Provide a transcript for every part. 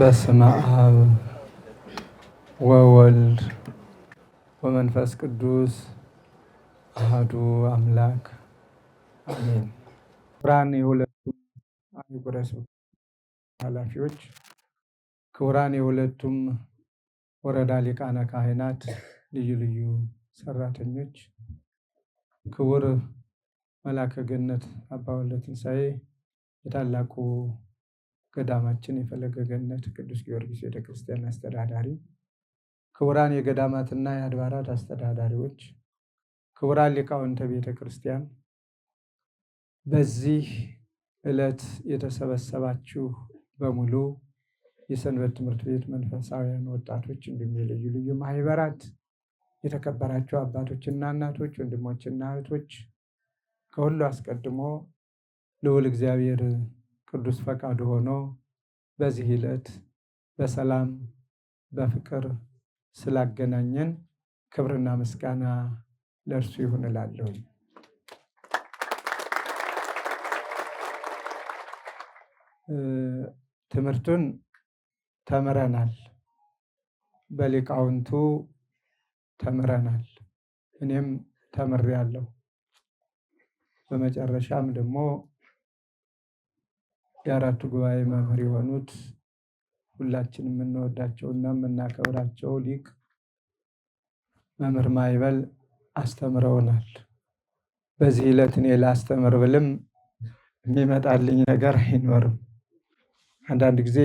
በስመ አብ ወወልድ ወመንፈስ ቅዱስ አህዱ አምላክ አሜን። ክቡራን የሁለቱም አህጉረ ስብከት ኃላፊዎች፣ ክቡራን የሁለቱም ወረዳ ሊቃነ ካህናት፣ ልዩ ልዩ ሰራተኞች፣ ክቡር መላከ ገነት አባ ወልደ የታላቁ ገዳማችን የፈለገ ገነት ቅዱስ ጊዮርጊስ ቤተክርስቲያን አስተዳዳሪ፣ ክቡራን የገዳማትና የአድባራት አስተዳዳሪዎች፣ ክቡራን ሊቃውንተ ቤተክርስቲያን በዚህ ዕለት የተሰበሰባችሁ በሙሉ የሰንበት ትምህርት ቤት መንፈሳውያን ወጣቶች፣ እንዲሁም የልዩ ልዩ ማህበራት የተከበራችሁ አባቶችና እናቶች፣ ወንድሞችና እህቶች ከሁሉ አስቀድሞ ልዑል እግዚአብሔር ቅዱስ ፈቃድ ሆኖ በዚህ ዕለት በሰላም በፍቅር ስላገናኘን ክብርና ምስጋና ለእርሱ ይሁን እላለሁ። ትምህርቱን ተምረናል፣ በሊቃውንቱ ተምረናል፣ እኔም ተምሬያለሁ። በመጨረሻም ደግሞ የአራቱ ጉባኤ መምህር የሆኑት ሁላችን የምንወዳቸው እና የምናከብራቸው ሊቅ መምህር ማይበል አስተምረውናል። በዚህ ዕለት እኔ ላስተምር ብልም የሚመጣልኝ ነገር አይኖርም። አንዳንድ ጊዜ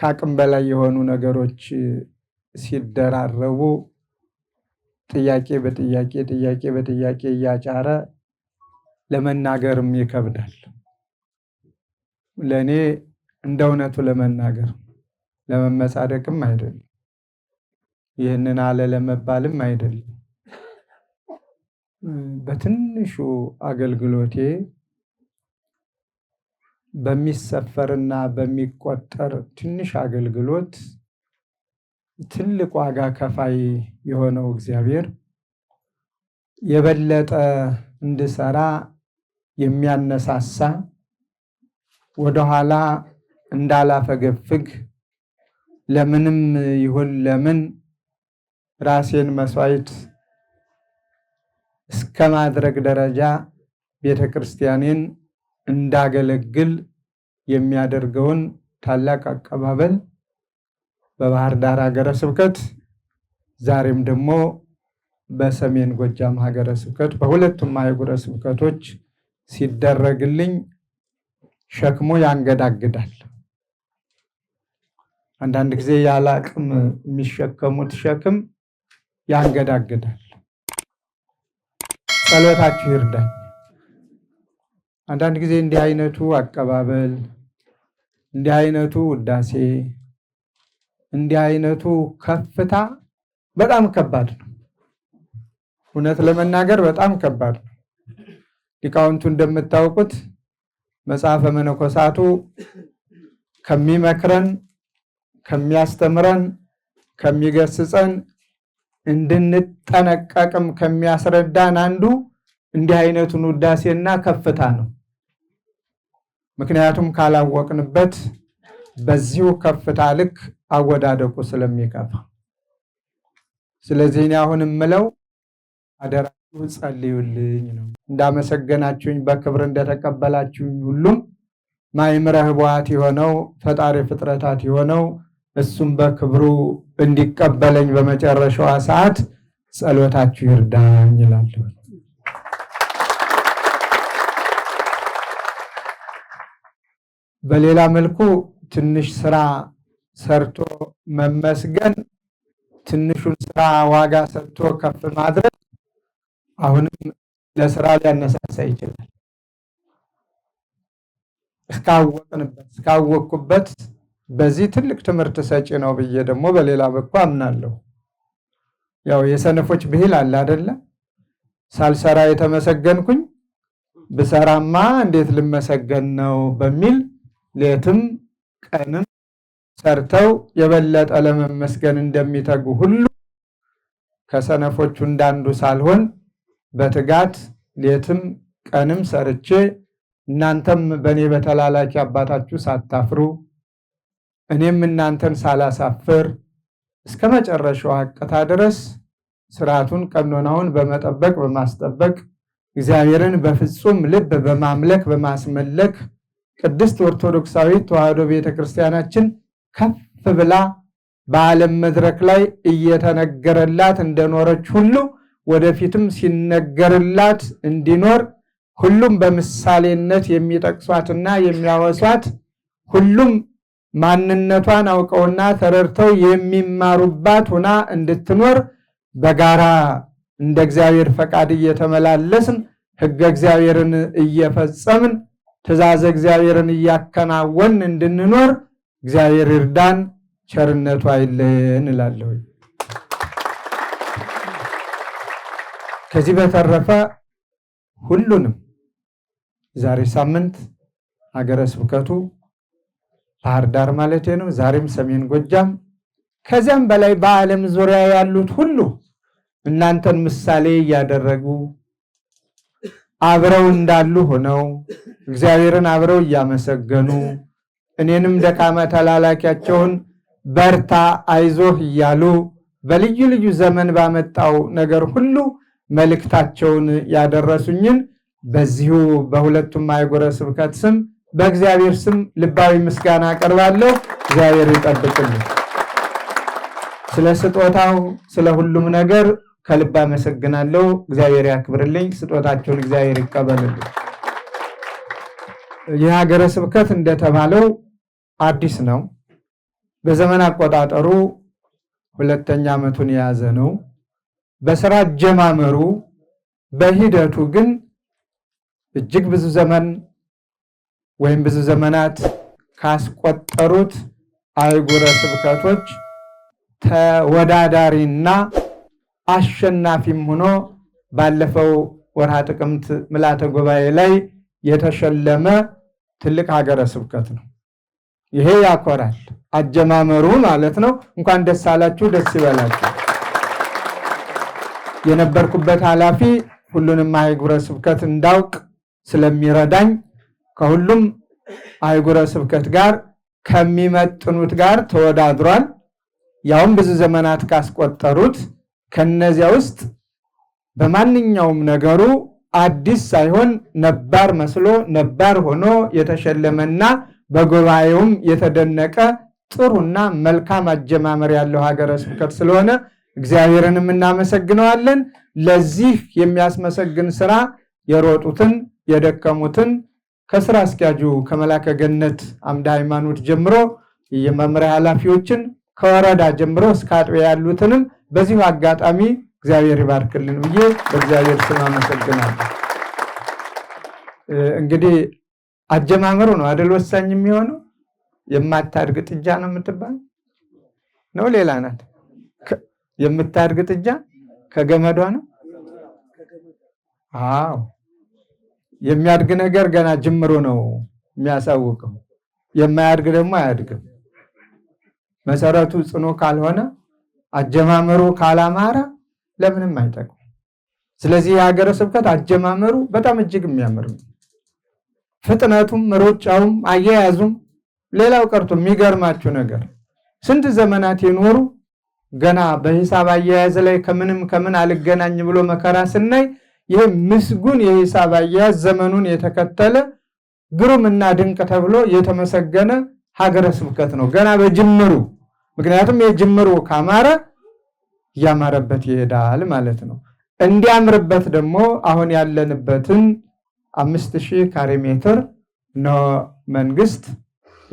ከአቅም በላይ የሆኑ ነገሮች ሲደራረቡ ጥያቄ በጥያቄ ጥያቄ በጥያቄ እያጫረ ለመናገርም ይከብዳል። ለእኔ እንደ እውነቱ ለመናገር ለመመጻደቅም አይደለም፣ ይህንን አለ ለመባልም አይደለም። በትንሹ አገልግሎቴ በሚሰፈርና በሚቆጠር ትንሽ አገልግሎት ትልቅ ዋጋ ከፋይ የሆነው እግዚአብሔር የበለጠ እንድሰራ የሚያነሳሳ ወደኋላ እንዳላፈገፍግ ለምንም ይሁን ለምን ራሴን መስዋዕት እስከ ማድረግ ደረጃ ቤተ ክርስቲያኔን እንዳገለግል የሚያደርገውን ታላቅ አቀባበል በባህር ዳር ሀገረ ስብከት ዛሬም ደግሞ በሰሜን ጎጃም ሀገረ ስብከት በሁለቱም አህጉረ ስብከቶች ሲደረግልኝ ሸክሙ ያንገዳግዳል። አንዳንድ ጊዜ ያለ አቅም የሚሸከሙት ሸክም ያንገዳግዳል። ጸሎታችሁ ይርዳኝ። አንዳንድ ጊዜ እንዲህ አይነቱ አቀባበል፣ እንዲህ አይነቱ ውዳሴ፣ እንዲህ አይነቱ ከፍታ በጣም ከባድ ነው። እውነት ለመናገር በጣም ከባድ ነው። ሊቃውንቱ እንደምታውቁት መጽሐፈ መነኮሳቱ ከሚመክረን ከሚያስተምረን ከሚገስጸን እንድንጠነቀቅም ከሚያስረዳን አንዱ እንዲህ አይነቱን ውዳሴና ከፍታ ነው። ምክንያቱም ካላወቅንበት በዚሁ ከፍታ ልክ አወዳደቁ ስለሚከፋ። ስለዚህ እኔ አሁን የምለው አደራ ጸልዩልኝ ነው። እንዳመሰገናችሁኝ በክብር እንደተቀበላችሁኝ ሁሉም ማእምረ ኅቡዓት የሆነው ፈጣሪ ፍጥረታት የሆነው እሱም በክብሩ እንዲቀበለኝ በመጨረሻዋ ሰዓት ጸሎታችሁ ይርዳኝ እላለሁ። በሌላ መልኩ ትንሽ ስራ ሰርቶ መመስገን፣ ትንሹን ስራ ዋጋ ሰርቶ ከፍ ማድረግ አሁንም ለስራ ሊያነሳሳ ይችላል። እስካወቅንበት እስካወቅኩበት በዚህ ትልቅ ትምህርት ሰጪ ነው ብዬ ደግሞ በሌላ በኩል አምናለሁ። ያው የሰነፎች ብሂል አለ አደለ? ሳልሰራ የተመሰገንኩኝ ብሰራማ እንዴት ልመሰገን ነው በሚል ሌትም ቀንም ሰርተው የበለጠ ለመመስገን እንደሚተጉ ሁሉ ከሰነፎቹ እንዳንዱ ሳልሆን በትጋት ሌትም ቀንም ሰርቼ እናንተም በእኔ በተላላኪ አባታችሁ ሳታፍሩ እኔም እናንተን ሳላሳፍር እስከ መጨረሻው አቀታ ድረስ ስርዓቱን ቀኖናውን በመጠበቅ በማስጠበቅ እግዚአብሔርን በፍጹም ልብ በማምለክ በማስመለክ ቅድስት ኦርቶዶክሳዊት ተዋሕዶ ቤተክርስቲያናችን ከፍ ብላ በዓለም መድረክ ላይ እየተነገረላት እንደኖረች ሁሉ ወደፊትም ሲነገርላት እንዲኖር ሁሉም በምሳሌነት የሚጠቅሷትና የሚያወሷት ሁሉም ማንነቷን አውቀውና ተረድተው የሚማሩባት ሁና እንድትኖር በጋራ እንደ እግዚአብሔር ፈቃድ እየተመላለስን ሕገ እግዚአብሔርን እየፈጸምን ትእዛዘ እግዚአብሔርን እያከናወን እንድንኖር እግዚአብሔር ይርዳን፣ ቸርነቱ አይለን እላለሁ። ከዚህ በተረፈ ሁሉንም ዛሬ ሳምንት ሀገረ ስብከቱ ባህር ዳር ማለት ነው፣ ዛሬም ሰሜን ጎጃም ከዚያም በላይ በዓለም ዙሪያ ያሉት ሁሉ እናንተን ምሳሌ እያደረጉ አብረው እንዳሉ ሆነው እግዚአብሔርን አብረው እያመሰገኑ እኔንም ደካማ ተላላኪያቸውን በርታ አይዞህ እያሉ በልዩ ልዩ ዘመን ባመጣው ነገር ሁሉ መልእክታቸውን ያደረሱኝን በዚሁ በሁለቱም አህጉረ ስብከት ስም በእግዚአብሔር ስም ልባዊ ምስጋና አቀርባለሁ። እግዚአብሔር ይጠብቅልኝ። ስለ ስጦታው ስለ ሁሉም ነገር ከልብ አመሰግናለሁ። እግዚአብሔር ያክብርልኝ። ስጦታቸውን እግዚአብሔር ይቀበልልኝ። ይህ ሀገረ ስብከት እንደተባለው አዲስ ነው። በዘመን አቆጣጠሩ ሁለተኛ ዓመቱን የያዘ ነው። በስራ አጀማመሩ በሂደቱ ግን እጅግ ብዙ ዘመን ወይም ብዙ ዘመናት ካስቆጠሩት አህጉረ ስብከቶች ተወዳዳሪና አሸናፊም ሆኖ ባለፈው ወርሃ ጥቅምት ምልዓተ ጉባኤ ላይ የተሸለመ ትልቅ ሀገረ ስብከት ነው። ይሄ ያኮራል። አጀማመሩ ማለት ነው። እንኳን ደስ አላችሁ፣ ደስ ይበላችሁ። የነበርኩበት ኃላፊ ሁሉንም አህጉረ ስብከት እንዳውቅ ስለሚረዳኝ ከሁሉም አህጉረ ስብከት ጋር ከሚመጥኑት ጋር ተወዳድሯል። ያውም ብዙ ዘመናት ካስቆጠሩት ከነዚያ ውስጥ በማንኛውም ነገሩ አዲስ ሳይሆን ነባር መስሎ ነባር ሆኖ የተሸለመና በጉባኤውም የተደነቀ ጥሩና መልካም አጀማመር ያለው ሀገረ ስብከት ስለሆነ እግዚአብሔርንም እናመሰግነዋለን። ለዚህ የሚያስመሰግን ስራ የሮጡትን የደከሙትን ከስራ አስኪያጁ ከመላከ ገነት አምደ ሃይማኖት ጀምሮ የመምሪያ ኃላፊዎችን ከወረዳ ጀምሮ እስከ አጥቢያ ያሉትንም በዚሁ አጋጣሚ እግዚአብሔር ይባርክልን ብዬ በእግዚአብሔር ስም አመሰግናለሁ። እንግዲህ አጀማመሩ ነው አደል ወሳኝ የሚሆነው። የማታድግ ጥጃ ነው የምትባል ነው ሌላ ናት። የምታድግ ጥጃ ከገመዷ ነው። አዎ የሚያድግ ነገር ገና ጅምሩ ነው የሚያሳውቀው። የማያድግ ደግሞ አያድግም። መሰረቱ ጽኑ ካልሆነ አጀማመሩ ካላማረ ለምንም አይጠቅም። ስለዚህ የሀገረ ስብከት አጀማመሩ በጣም እጅግ የሚያምር ነው። ፍጥነቱም፣ ሩጫውም፣ አያያዙም ሌላው ቀርቶ የሚገርማችሁ ነገር ስንት ዘመናት የኖሩ ገና በሂሳብ አያያዝ ላይ ከምንም ከምን አልገናኝ ብሎ መከራ ስናይ ይህ ምስጉን የሂሳብ አያያዝ ዘመኑን የተከተለ እና ድንቅ ተብሎ የተመሰገነ ሀገረ ስብከት ነው። ገና በጅምሩ ምክንያቱም የጅምሩ ካማረ እያማረበት ይሄዳል ማለት ነው። እንዲያምርበት ደግሞ አሁን ያለንበትን አምስት ሺህ ካሬ ሜትር ነው መንግስት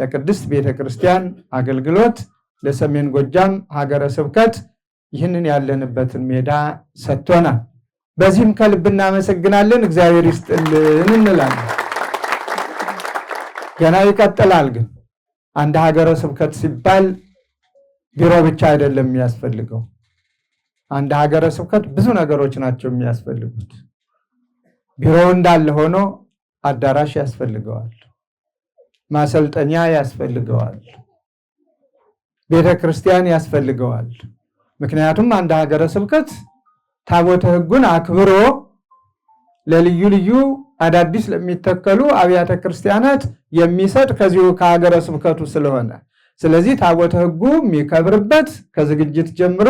የቅድስት ቤተክርስቲያን አገልግሎት ለሰሜን ጎጃም ሀገረ ስብከት ይህንን ያለንበትን ሜዳ ሰጥቶናል። በዚህም ከልብ እናመሰግናለን። እግዚአብሔር ይስጥልን እንላለን። ገና ይቀጥላል። ግን አንድ ሀገረ ስብከት ሲባል ቢሮ ብቻ አይደለም የሚያስፈልገው። አንድ ሀገረ ስብከት ብዙ ነገሮች ናቸው የሚያስፈልጉት። ቢሮው እንዳለ ሆኖ አዳራሽ ያስፈልገዋል፣ ማሰልጠኛ ያስፈልገዋል። ቤተ ክርስቲያን ያስፈልገዋል። ምክንያቱም አንድ ሀገረ ስብከት ታቦተ ሕጉን አክብሮ ለልዩ ልዩ አዳዲስ ለሚተከሉ አብያተ ክርስቲያናት የሚሰጥ ከዚሁ ከሀገረ ስብከቱ ስለሆነ ስለዚህ ታቦተ ሕጉ የሚከብርበት ከዝግጅት ጀምሮ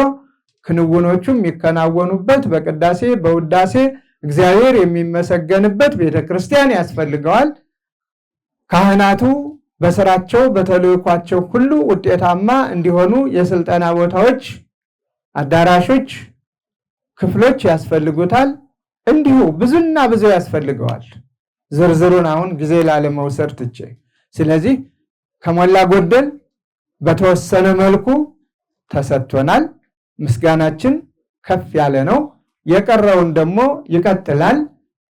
ክንውኖቹ የሚከናወኑበት በቅዳሴ በውዳሴ እግዚአብሔር የሚመሰገንበት ቤተ ክርስቲያን ያስፈልገዋል። ካህናቱ በስራቸው በተልእኳቸው ሁሉ ውጤታማ እንዲሆኑ የስልጠና ቦታዎች፣ አዳራሾች፣ ክፍሎች ያስፈልጉታል። እንዲሁ ብዙና ብዙ ያስፈልገዋል። ዝርዝሩን አሁን ጊዜ ላለመውሰድ ትቼ፣ ስለዚህ ከሞላ ጎደል በተወሰነ መልኩ ተሰጥቶናል። ምስጋናችን ከፍ ያለ ነው። የቀረውን ደግሞ ይቀጥላል።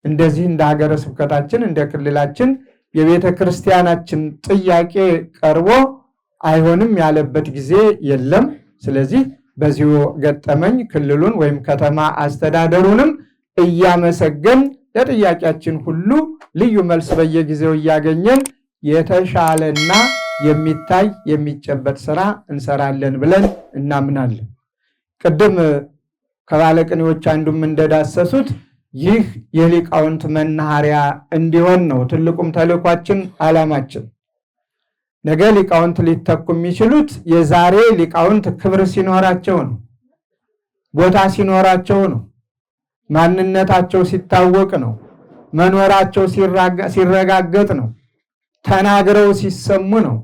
እንደዚህ እንደ ሀገረ ስብከታችን እንደ ክልላችን የቤተ ክርስቲያናችን ጥያቄ ቀርቦ አይሆንም ያለበት ጊዜ የለም። ስለዚህ በዚሁ ገጠመኝ ክልሉን ወይም ከተማ አስተዳደሩንም እያመሰገን ለጥያቄያችን ሁሉ ልዩ መልስ በየጊዜው እያገኘን የተሻለና የሚታይ የሚጨበጥ ስራ እንሰራለን ብለን እናምናለን። ቅድም ከባለቅኔዎች አንዱም እንደዳሰሱት ይህ የሊቃውንት መናኸሪያ እንዲሆን ነው ትልቁም ተልኳችን ዓላማችን። ነገ ሊቃውንት ሊተኩ የሚችሉት የዛሬ ሊቃውንት ክብር ሲኖራቸው ነው፣ ቦታ ሲኖራቸው ነው፣ ማንነታቸው ሲታወቅ ነው፣ መኖራቸው ሲረጋገጥ ነው፣ ተናግረው ሲሰሙ ነው።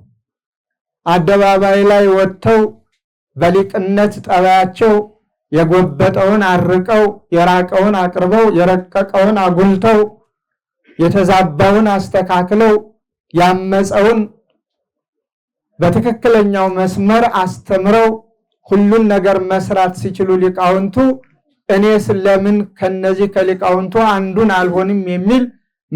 አደባባይ ላይ ወጥተው በሊቅነት ጠባያቸው የጎበጠውን አርቀው የራቀውን አቅርበው የረቀቀውን አጉልተው የተዛባውን አስተካክለው ያመፀውን በትክክለኛው መስመር አስተምረው ሁሉን ነገር መስራት ሲችሉ ሊቃውንቱ እኔስ ለምን ከነዚህ ከሊቃውንቱ አንዱን አልሆንም የሚል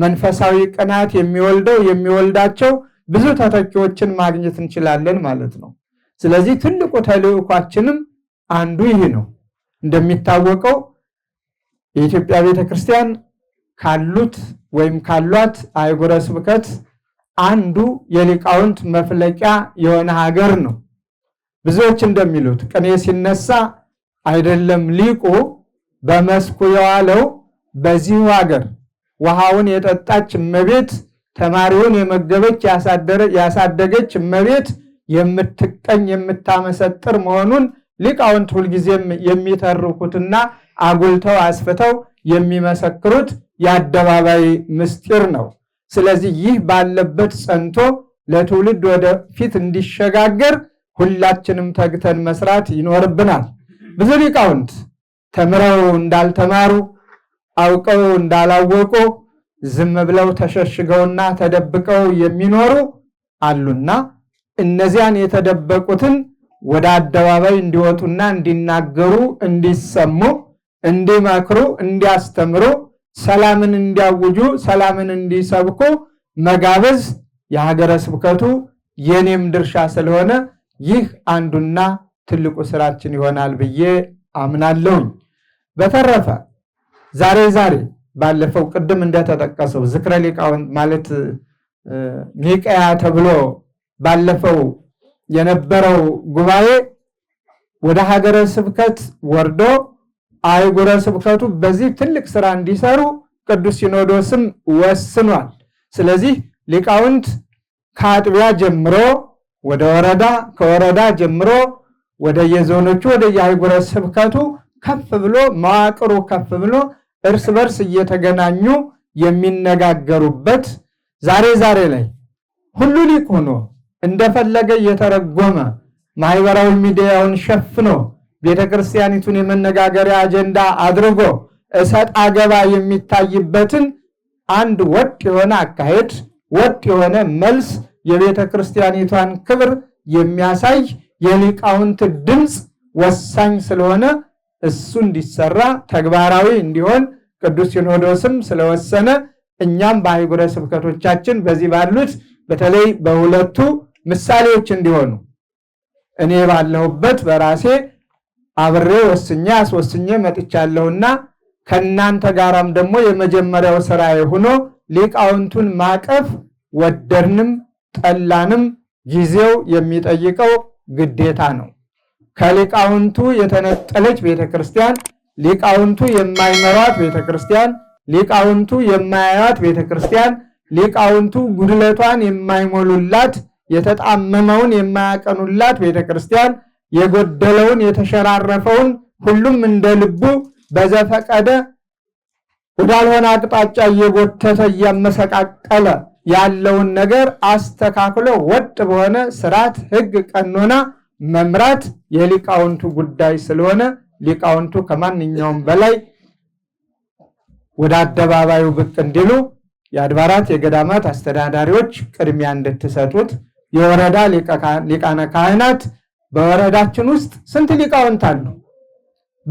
መንፈሳዊ ቅናት የሚወልደው የሚወልዳቸው ብዙ ተተኪዎችን ማግኘት እንችላለን ማለት ነው። ስለዚህ ትልቁ ተልእኳችንም አንዱ ይህ ነው። እንደሚታወቀው የኢትዮጵያ ቤተ ክርስቲያን ካሉት ወይም ካሏት አህጉረ ስብከት አንዱ የሊቃውንት መፍለቂያ የሆነ ሀገር ነው። ብዙዎች እንደሚሉት ቅኔ ሲነሳ አይደለም ሊቁ በመስኩ የዋለው በዚሁ ሀገር ውሃውን የጠጣች እመቤት፣ ተማሪውን የመገበች ያሳደገች እመቤት የምትቀኝ የምታመሰጥር መሆኑን ሊቃውንት ሁልጊዜም የሚተርኩትና አጉልተው አስፍተው የሚመሰክሩት የአደባባይ ምስጢር ነው። ስለዚህ ይህ ባለበት ጸንቶ ለትውልድ ወደፊት እንዲሸጋገር ሁላችንም ተግተን መስራት ይኖርብናል። ብዙ ሊቃውንት ተምረው እንዳልተማሩ አውቀው እንዳላወቁ ዝም ብለው ተሸሽገውና ተደብቀው የሚኖሩ አሉና እነዚያን የተደበቁትን ወደ አደባባይ እንዲወጡና እንዲናገሩ፣ እንዲሰሙ፣ እንዲመክሩ፣ እንዲያስተምሩ፣ ሰላምን እንዲያውጁ፣ ሰላምን እንዲሰብኩ መጋበዝ የሀገረ ስብከቱ የኔም ድርሻ ስለሆነ ይህ አንዱና ትልቁ ስራችን ይሆናል ብዬ አምናለሁኝ። በተረፈ ዛሬ ዛሬ ባለፈው ቅድም እንደተጠቀሰው ዝክረ ሊቃውንት ማለት ኒቀያ ተብሎ ባለፈው የነበረው ጉባኤ ወደ ሀገረ ስብከት ወርዶ አይጉረ ስብከቱ በዚህ ትልቅ ስራ እንዲሰሩ ቅዱስ ሲኖዶስም ወስኗል። ስለዚህ ሊቃውንት ከአጥቢያ ጀምሮ ወደ ወረዳ፣ ከወረዳ ጀምሮ ወደ የዞኖቹ ወደ የአህጉረ ስብከቱ ከፍ ብሎ መዋቅሩ ከፍ ብሎ እርስ በርስ እየተገናኙ የሚነጋገሩበት ዛሬ ዛሬ ላይ ሁሉ ሊቅ ሆኖ እንደፈለገ እየተረጎመ ማህበራዊ ሚዲያውን ሸፍኖ ቤተክርስቲያኒቱን የመነጋገሪያ አጀንዳ አድርጎ እሰጥ አገባ የሚታይበትን አንድ ወጥ የሆነ አካሄድ፣ ወጥ የሆነ መልስ፣ የቤተ ክርስቲያኒቷን ክብር የሚያሳይ የሊቃውንት ድምፅ ወሳኝ ስለሆነ እሱ እንዲሰራ ተግባራዊ እንዲሆን ቅዱስ ሲኖዶስም ስለወሰነ እኛም በአህጉረ ስብከቶቻችን በዚህ ባሉት በተለይ በሁለቱ ምሳሌዎች እንዲሆኑ እኔ ባለሁበት በራሴ አብሬ ወስኜ አስወስኜ መጥቻለሁና ከእናንተ ጋራም ደግሞ የመጀመሪያው ስራ ሆኖ ሊቃውንቱን ማቀፍ ወደድንም ጠላንም ጊዜው የሚጠይቀው ግዴታ ነው። ከሊቃውንቱ የተነጠለች ቤተክርስቲያን፣ ሊቃውንቱ የማይመሯት ቤተክርስቲያን፣ ሊቃውንቱ የማያያት ቤተክርስቲያን፣ ሊቃውንቱ ጉድለቷን የማይሞሉላት የተጣመመውን የማያቀኑላት ቤተ ክርስቲያን የጎደለውን የተሸራረፈውን ሁሉም እንደ ልቡ በዘፈቀደ ወዳልሆነ አቅጣጫ እየጎተተ እያመሰቃቀለ ያለውን ነገር አስተካክሎ ወጥ በሆነ ስርዓት፣ ህግ ቀኖና መምራት የሊቃውንቱ ጉዳይ ስለሆነ ሊቃውንቱ ከማንኛውም በላይ ወደ አደባባዩ ብቅ እንዲሉ የአድባራት የገዳማት አስተዳዳሪዎች ቅድሚያ እንድትሰጡት የወረዳ ሊቃነ ካህናት በወረዳችን ውስጥ ስንት ሊቃውንት አሉ?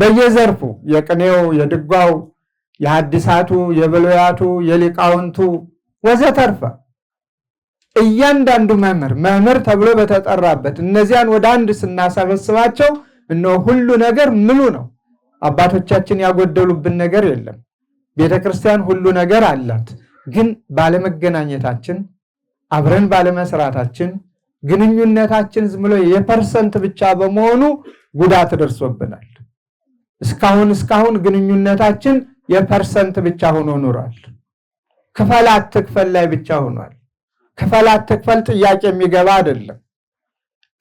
በየዘርፉ የቅኔው፣ የድጓው፣ የሐዲሳቱ፣ የብሉያቱ፣ የሊቃውንቱ ወዘተርፈ እያንዳንዱ መምህር መምህር ተብሎ በተጠራበት እነዚያን ወደ አንድ ስናሰበስባቸው እነ ሁሉ ነገር ምሉ ነው። አባቶቻችን ያጎደሉብን ነገር የለም። ቤተ ክርስቲያን ሁሉ ነገር አላት። ግን ባለመገናኘታችን አብረን ባለመስራታችን ግንኙነታችን ዝም ብሎ የፐርሰንት ብቻ በመሆኑ ጉዳት ደርሶብናል። እስካሁን እስካሁን ግንኙነታችን የፐርሰንት ብቻ ሆኖ ኑሯል። ክፈል አትክፈል ላይ ብቻ ሆኗል። ክፈል አትክፈል ጥያቄ የሚገባ አይደለም።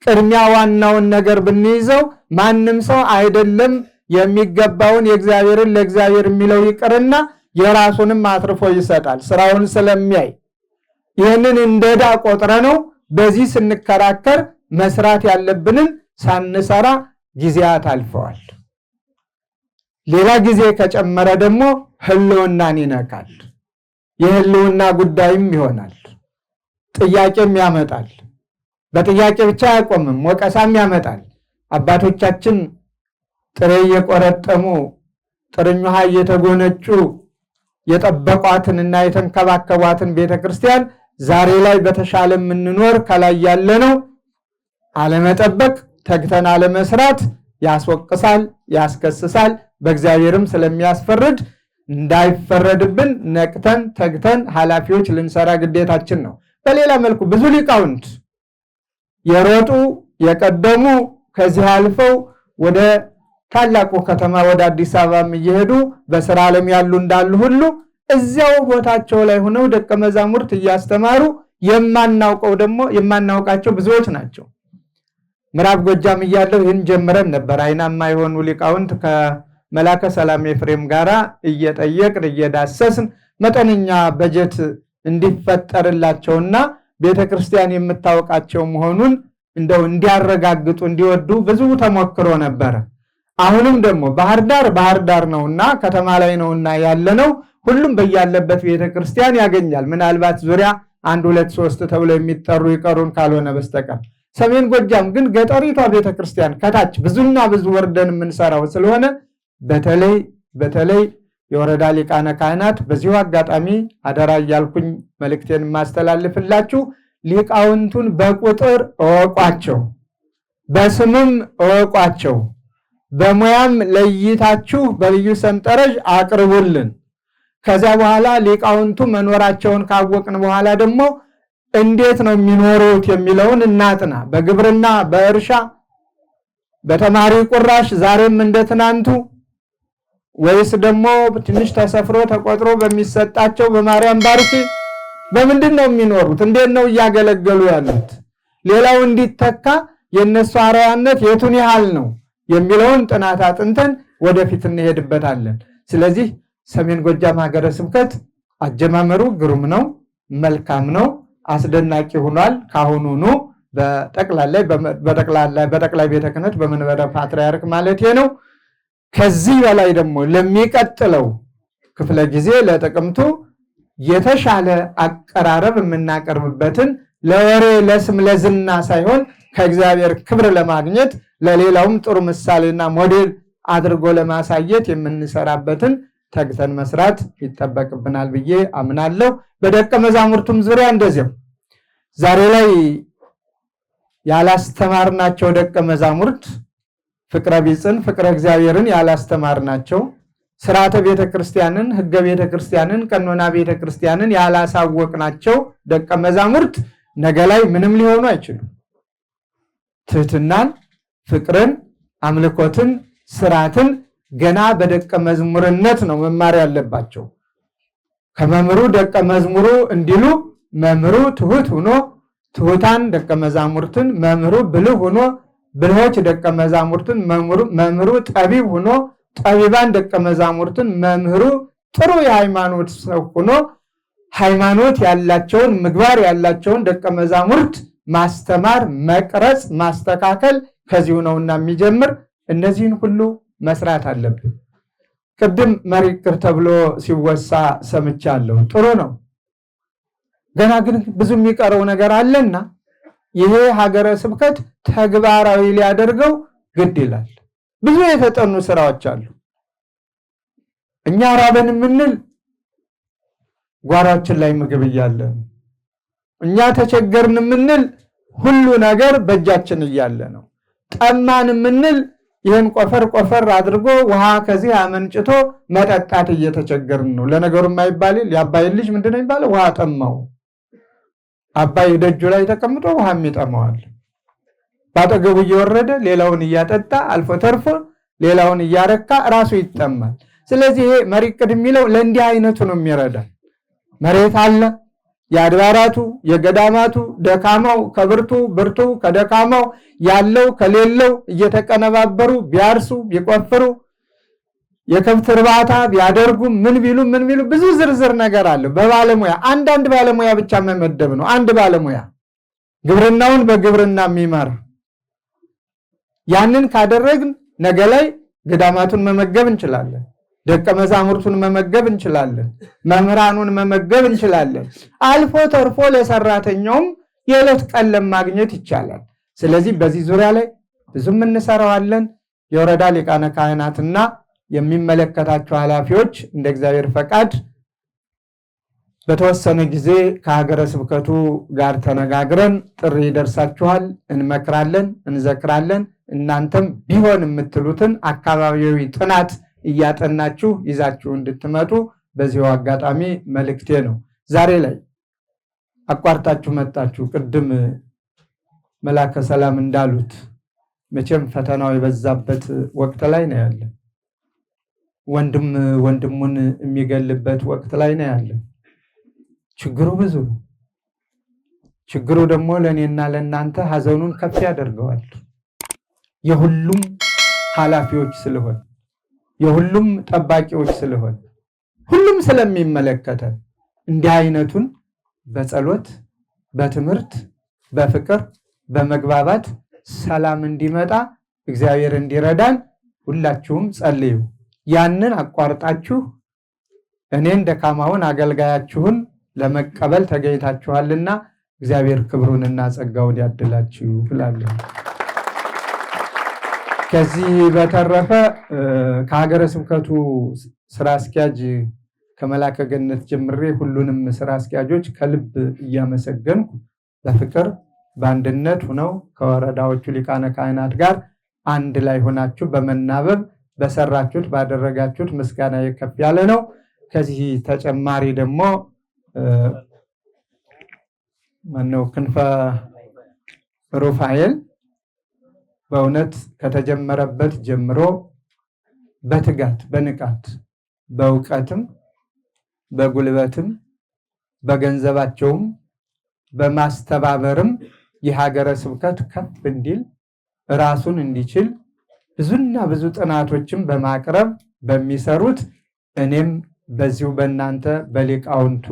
ቅድሚያ ዋናውን ነገር ብንይዘው ማንም ሰው አይደለም የሚገባውን የእግዚአብሔርን ለእግዚአብሔር የሚለው ይቅርና የራሱንም አትርፎ ይሰጣል ስራውን ስለሚያይ ይህንን እንደ ዕዳ ቆጥረ ነው በዚህ ስንከራከር መስራት ያለብንን ሳንሰራ ጊዜያት አልፈዋል። ሌላ ጊዜ ከጨመረ ደግሞ ህልውናን ይነካል። የህልውና ጉዳይም ይሆናል። ጥያቄም ያመጣል። በጥያቄ ብቻ አያቆምም፣ ወቀሳም ያመጣል። አባቶቻችን ጥሬ እየቆረጠሙ ጥርኝ ውሃ እየተጎነጩ የጠበቋትንና የተንከባከቧትን ቤተ ክርስቲያን ዛሬ ላይ በተሻለ የምንኖር ከላይ ያለነው አለመጠበቅ፣ ተግተን አለመስራት ያስወቅሳል፣ ያስከስሳል። በእግዚአብሔርም ስለሚያስፈርድ እንዳይፈረድብን ነቅተን ተግተን ኃላፊዎች ልንሰራ ግዴታችን ነው። በሌላ መልኩ ብዙ ሊቃውንት የሮጡ የቀደሙ ከዚህ አልፈው ወደ ታላቁ ከተማ ወደ አዲስ አበባም እየሄዱ በስራ ዓለም ያሉ እንዳሉ ሁሉ እዚያው ቦታቸው ላይ ሆነው ደቀ መዛሙርት እያስተማሩ የማናውቀው ደግሞ የማናውቃቸው ብዙዎች ናቸው። ምዕራብ ጎጃም እያለሁ ይህን ጀምረን ነበር። አይናማ የሆኑ ሊቃውንት ከመላከ ሰላም ኤፍሬም ጋራ እየጠየቅን እየዳሰስን መጠነኛ በጀት እንዲፈጠርላቸውና ቤተ ክርስቲያን የምታውቃቸው መሆኑን እንደው እንዲያረጋግጡ እንዲወዱ ብዙ ተሞክሮ ነበረ። አሁንም ደግሞ ባህር ዳር ባህር ዳር ነውና ከተማ ላይ ነውና ያለ ነው ሁሉም በያለበት ቤተክርስቲያን ያገኛል። ምናልባት ዙሪያ አንድ ሁለት ሶስት ተብለው የሚጠሩ ይቀሩን ካልሆነ በስተቀር ሰሜን ጎጃም ግን ገጠሪቷ ቤተክርስቲያን ከታች ብዙና ብዙ ወርደን የምንሰራው ስለሆነ በተለይ በተለይ የወረዳ ሊቃነ ካህናት በዚሁ አጋጣሚ አደራ እያልኩኝ መልእክቴን የማስተላልፍላችሁ ሊቃውንቱን በቁጥር እወቋቸው፣ በስምም እወቋቸው፣ በሙያም ለይታችሁ በልዩ ሰንጠረዥ አቅርቡልን። ከዚያ በኋላ ሊቃውንቱ መኖራቸውን ካወቅን በኋላ ደግሞ እንዴት ነው የሚኖሩት የሚለውን እናጥና። በግብርና፣ በእርሻ፣ በተማሪ ቁራሽ ዛሬም እንደ ትናንቱ ወይስ ደግሞ ትንሽ ተሰፍሮ ተቆጥሮ በሚሰጣቸው በማርያም ባርኪ በምንድን ነው የሚኖሩት? እንዴት ነው እያገለገሉ ያሉት? ሌላው እንዲተካ የእነሱ አርአያነት የቱን ያህል ነው የሚለውን ጥናት አጥንተን ወደፊት እንሄድበታለን። ስለዚህ ሰሜን ጎጃም ሀገረ ስብከት አጀማመሩ ግሩም ነው፣ መልካም ነው፣ አስደናቂ ሆኗል። ካሁኑኑ በጠቅላይ ቤተ ክህነት በመንበረ ፓትርያርክ ማለት ነው። ከዚህ በላይ ደግሞ ለሚቀጥለው ክፍለ ጊዜ ለጥቅምቱ የተሻለ አቀራረብ የምናቀርብበትን ለወሬ ለስም ለዝና ሳይሆን ከእግዚአብሔር ክብር ለማግኘት ለሌላውም ጥሩ ምሳሌና ሞዴል አድርጎ ለማሳየት የምንሰራበትን ተግተን መስራት ይጠበቅብናል ብዬ አምናለሁ። በደቀ መዛሙርቱም ዙሪያ እንደዚሁ ዛሬ ላይ ያላስተማርናቸው ደቀ መዛሙርት ፍቅረ ቢጽን ፍቅረ እግዚአብሔርን ያላስተማርናቸው ስርዓተ ቤተ ክርስቲያንን፣ ህገ ቤተ ክርስቲያንን፣ ቀኖና ቤተ ክርስቲያንን ያላሳወቅናቸው ደቀ መዛሙርት ነገ ላይ ምንም ሊሆኑ አይችሉም። ትህትናን፣ ፍቅርን፣ አምልኮትን፣ ስርዓትን ገና በደቀ መዝሙርነት ነው መማር ያለባቸው። ከመምህሩ ደቀ መዝሙሩ እንዲሉ መምህሩ ትሁት ሆኖ ትሁታን ደቀ መዛሙርትን፣ መምህሩ ብልህ ሆኖ ብልሆች ደቀ መዛሙርትን፣ መምህሩ ጠቢብ ሆኖ ጠቢባን ደቀ መዛሙርትን፣ መምህሩ ጥሩ የሃይማኖት ሰው ሆኖ ሃይማኖት ያላቸውን ምግባር ያላቸውን ደቀ መዛሙርት ማስተማር፣ መቅረጽ፣ ማስተካከል ከዚሁ ነውና የሚጀምር እነዚህን ሁሉ መስራት አለብን። ቅድም መሪ ቅር ተብሎ ሲወሳ ሰምቻለሁ። ጥሩ ነው። ገና ግን ብዙ የሚቀረው ነገር አለና ይሄ ሀገረ ስብከት ተግባራዊ ሊያደርገው ግድ ይላል። ብዙ የተጠኑ ስራዎች አሉ። እኛ ራበን የምንል ጓሯችን ላይ ምግብ እያለ ነው እኛ ተቸገርን የምንል ሁሉ ነገር በእጃችን እያለ ነው። ጠማን የምንል ይህን ቆፈር ቆፈር አድርጎ ውሃ ከዚህ አመንጭቶ መጠጣት እየተቸገርን ነው። ለነገሩ የማይባል የአባይን ልጅ ምንድን ነው የሚባለው? ውሃ ጠማው። አባይ ደጁ ላይ ተቀምጦ ውሃም ይጠማዋል። ባጠገቡ እየወረደ ሌላውን እያጠጣ አልፎ ተርፎ ሌላውን እያረካ ራሱ ይጠማል። ስለዚህ ይሄ መሪ ቅድ የሚለው ለእንዲህ አይነቱ ነው የሚረዳ መሬት አለ የአድባራቱ የገዳማቱ ደካማው ከብርቱ ብርቱ ከደካማው ያለው ከሌለው እየተቀነባበሩ ቢያርሱ ቢቆፍሩ የከብት እርባታ ቢያደርጉ ምን ቢሉ ምን ቢሉ ብዙ ዝርዝር ነገር አለው። በባለሙያ አንዳንድ ባለሙያ ብቻ መመደብ ነው። አንድ ባለሙያ ግብርናውን በግብርና የሚመር ያንን ካደረግን ነገ ላይ ገዳማቱን መመገብ እንችላለን። ደቀ መዛሙርቱን መመገብ እንችላለን። መምህራኑን መመገብ እንችላለን። አልፎ ተርፎ ለሰራተኛውም የዕለት ቀለም ማግኘት ይቻላል። ስለዚህ በዚህ ዙሪያ ላይ ብዙም እንሰራዋለን። የወረዳ ሊቃነ ካህናትና የሚመለከታቸው ኃላፊዎች እንደ እግዚአብሔር ፈቃድ በተወሰነ ጊዜ ከሀገረ ስብከቱ ጋር ተነጋግረን ጥሪ ይደርሳችኋል። እንመክራለን፣ እንዘክራለን። እናንተም ቢሆን የምትሉትን አካባቢያዊ ጥናት እያጠናችሁ ይዛችሁ እንድትመጡ በዚሁ አጋጣሚ መልእክቴ ነው። ዛሬ ላይ አቋርጣችሁ መጣችሁ። ቅድም መላከ ሰላም እንዳሉት መቼም ፈተናው የበዛበት ወቅት ላይ ነው ያለ። ወንድም ወንድሙን የሚገልበት ወቅት ላይ ነው ያለ። ችግሩ ብዙ ነው። ችግሩ ደግሞ ለእኔና ለእናንተ ሀዘኑን ከፍ ያደርገዋል የሁሉም ኃላፊዎች ስለሆነ የሁሉም ጠባቂዎች ስለሆን ሁሉም ስለሚመለከተን እንዲህ አይነቱን በጸሎት በትምህርት በፍቅር በመግባባት ሰላም እንዲመጣ እግዚአብሔር እንዲረዳን ሁላችሁም ጸልዩ። ያንን አቋርጣችሁ እኔን ደካማውን አገልጋያችሁን ለመቀበል ተገኝታችኋልና እግዚአብሔር ክብሩንና ጸጋውን ያድላችሁ እላለሁ። ከዚህ በተረፈ ከሀገረ ስብከቱ ስራ አስኪያጅ ከመላከ ገነት ጀምሬ ሁሉንም ስራ አስኪያጆች ከልብ እያመሰገንኩ በፍቅር በአንድነት ሁነው ከወረዳዎቹ ሊቃነ ካህናት ጋር አንድ ላይ ሆናችሁ በመናበብ በሰራችሁት ባደረጋችሁት ምስጋና የከፍ ያለ ነው። ከዚህ ተጨማሪ ደግሞ ማነው ክንፈ ሩፋኤል በእውነት ከተጀመረበት ጀምሮ በትጋት በንቃት በእውቀትም በጉልበትም በገንዘባቸውም በማስተባበርም የሀገረ ስብከት ከፍ እንዲል ራሱን እንዲችል ብዙና ብዙ ጥናቶችን በማቅረብ በሚሰሩት እኔም በዚሁ በእናንተ በሊቃውንቱ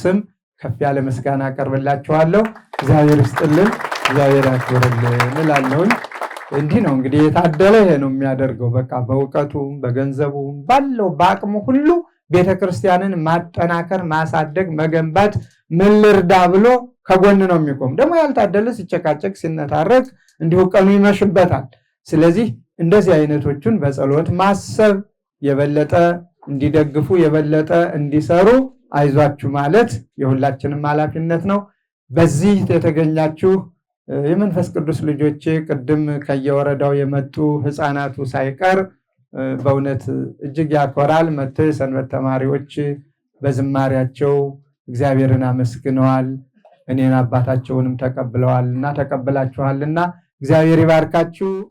ስም ከፍ ያለ ምስጋና አቀርብላችኋለሁ። እግዚአብሔር ይስጥልን፣ እግዚአብሔር ያክብርልን እላለሁኝ። እንዲህ ነው እንግዲህ የታደለ ይሄ ነው የሚያደርገው። በቃ በእውቀቱም በገንዘቡም ባለው በአቅሙ ሁሉ ቤተክርስቲያንን ማጠናከር፣ ማሳደግ፣ መገንባት ምን ልርዳ ብሎ ከጎን ነው የሚቆም። ደግሞ ያልታደለ ሲጨቃጨቅ፣ ሲነታረቅ እንዲሁ ቀኑ ይመሽበታል። ስለዚህ እንደዚህ አይነቶቹን በጸሎት ማሰብ የበለጠ እንዲደግፉ የበለጠ እንዲሰሩ አይዟችሁ ማለት የሁላችንም ኃላፊነት ነው። በዚህ የተገኛችሁ የመንፈስ ቅዱስ ልጆቼ ቅድም ከየወረዳው የመጡ ህፃናቱ ሳይቀር በእውነት እጅግ ያኮራል። መት ሰንበት ተማሪዎች በዝማሪያቸው እግዚአብሔርን አመስግነዋል። እኔን አባታቸውንም ተቀብለዋል እና ተቀብላችኋልና እግዚአብሔር ይባርካችሁ።